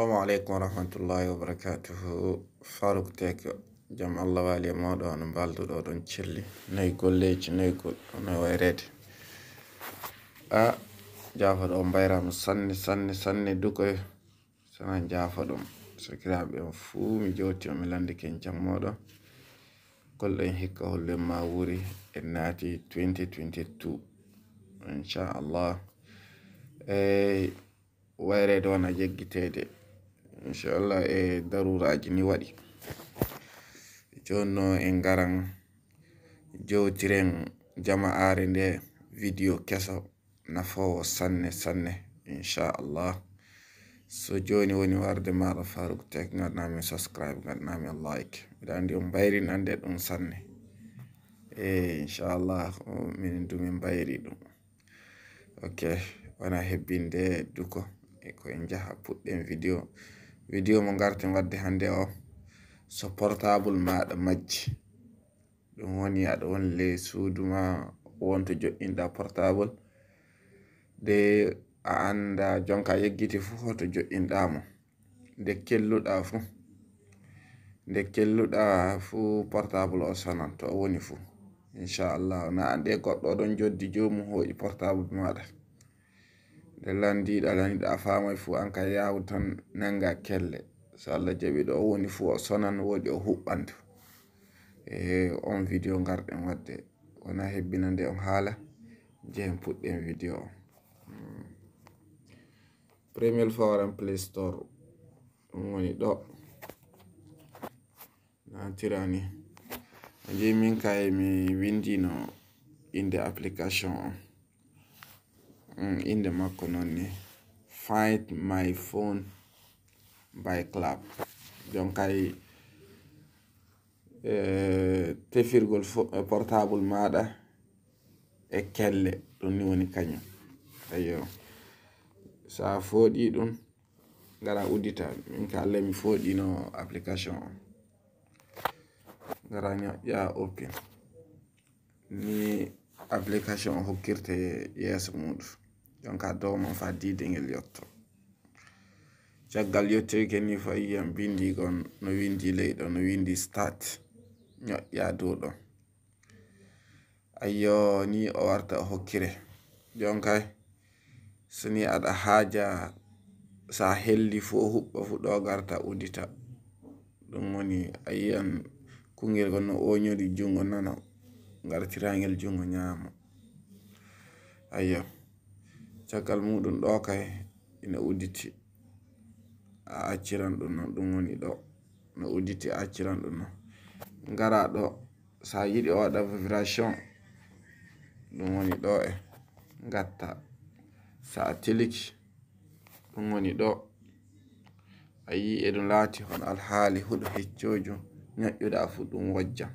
assalamu aleykum warahmatullahi wabarakatuhu faruk tek jaam allah waali e mawɗo ono mbalduɗo ɗon celli noyi golleji noyi gol no wayrede a jaafoɗo o mbayrama sanne sanne sanne dukoye sana jaafoɗom sokiraɓe en fuu mi jowti o mi landi ken jammoɗo golɗon hikka hollen ma wuri en naati 2022 inchallah eyi wayrede wona jeggitede inchallah e daruraji ni waɗi e jonno en garan jowtiren jama'are nde vidio keso nafowo sanne sanne inchallah so joni woni warde maɗa farouk tek gaɗnami subscribe gaɗnami like mbiɗa andi on mbayrin ande ɗum sanne e inchallah minen dumin mbayri ɗum ok wona hebbinde duko eko en jaha puɗɗen vidéo vidéo mo garti wadde hannde o so portable maɗa majji ɗum woni aɗa woni le suudu ma wonto joƴƴinɗa portable de a annda jonka yeggiti fuu hoto joƴƴinɗamo nde kelluɗa fuu nde kelluɗa fuu portable o sonan to o woni fuu inchallahu na annde goɗɗo oɗon joddi joomum hooƴi portable maɗa nde landiɗa laniɗa famay e fuu an ka yahu tan nanga kelle so allah jaɓi ɗo o woni fuu o sonan woodi o huɓɓantu e on vidéo garɗen wadde wona hebbina nde on haala jehen puɗɗen vidéo on mm. premier foren play store ɗum woni ɗo natirani ajei min kaye mi windino inde application on Mm, in the macaroni find my phone by clap donc ay eh, tefirgol eh, portable maɗa e kelle ɗum ni woni kañum ayo sa a fooɗi ɗum ngara uddita min ka allah mi fooɗino application gara ngara ñoƴƴa open ni application o hokkirte yeeso muɗum Donc, Adam, on va dire d'Engeliot. Jagal, yo, take any for you and bindi gon, no windy late, no windy start. Ya, dodo. Ayo, ni orta hokire. Donkai, suni ad a haja sa heldi fo hoop of dogarta udita. Dongoni, ayan kungel gon no onyo di jungo nano. Gartirangel jungo nyamo. Ayo. cakal muɗum ɗo kay ina udditi a acciran ɗum non ɗum woni ɗo no udditi a acciran ɗum non ngara ɗo sa yiɗi o waɗa vibration ɗum woni ɗo e ngatta sa a tilik ɗum woni ɗo a yi eɗum laati hon alhaali huɗo heccojum ñoƴƴuɗa fu ɗum wojjam